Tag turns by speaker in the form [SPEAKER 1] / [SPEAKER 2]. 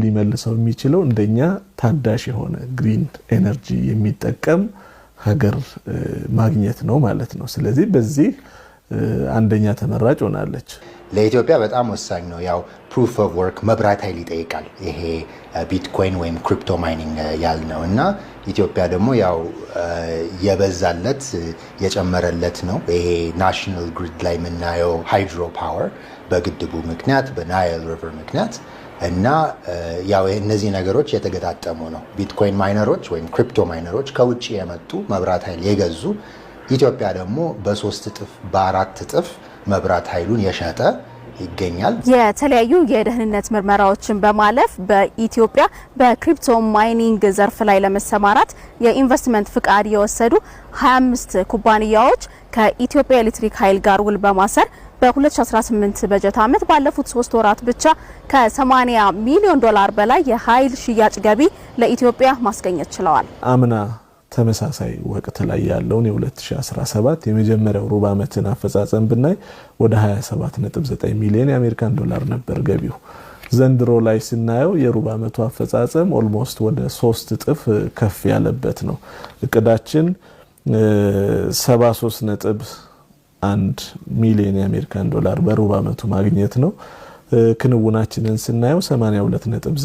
[SPEAKER 1] ሊመልሰው የሚችለው እንደኛ ታዳሽ የሆነ ግሪን ኤነርጂ የሚጠቀም ሀገር ማግኘት ነው ማለት ነው። ስለዚህ በዚህ አንደኛ ተመራጭ ሆናለች።
[SPEAKER 2] ለኢትዮጵያ በጣም ወሳኝ ነው። ያው ፕሩፍ ኦፍ ወርክ መብራት ኃይል ይጠይቃል። ይሄ ቢትኮይን ወይም ክሪፕቶ ማይኒንግ ያልነው እና ኢትዮጵያ ደግሞ ያው የበዛለት የጨመረለት ነው። ይሄ ናሽናል ግሪድ ላይ የምናየው ሃይድሮ ፓወር በግድቡ ምክንያት በናይል ሪቨር ምክንያት እና ያው እነዚህ ነገሮች የተገጣጠሙ ነው። ቢትኮይን ማይነሮች ወይም ክሪፕቶ ማይነሮች ከውጭ የመጡ መብራት ኃይል የገዙ ኢትዮጵያ ደግሞ በሶስት እጥፍ በአራት እጥፍ መብራት ኃይሉን የሸጠ ይገኛል።
[SPEAKER 3] የተለያዩ የደህንነት ምርመራዎችን በማለፍ በኢትዮጵያ በክሪፕቶ ማይኒንግ ዘርፍ ላይ ለመሰማራት የኢንቨስትመንት ፍቃድ የወሰዱ 25 ኩባንያዎች ከኢትዮጵያ ኤሌክትሪክ ኃይል ጋር ውል በማሰር በ2018 በጀት ዓመት ባለፉት ሶስት ወራት ብቻ ከ80 ሚሊዮን ዶላር በላይ የኃይል ሽያጭ ገቢ ለኢትዮጵያ ማስገኘት ችለዋል።
[SPEAKER 1] አምና ተመሳሳይ ወቅት ላይ ያለውን የ2017 የመጀመሪያው ሩብ ዓመትን አፈጻጸም ብናይ ወደ 279 ሚሊዮን የአሜሪካን ዶላር ነበር ገቢው። ዘንድሮ ላይ ስናየው የሩብ ዓመቱ አፈጻጸም ኦልሞስት ወደ ሶስት እጥፍ ከፍ ያለበት ነው። እቅዳችን 73 ነጥብ አንድ ሚሊዮን የአሜሪካን ዶላር በሩብ ዓመቱ ማግኘት ነው። ክንውናችንን ስናየው 82 ነጥብ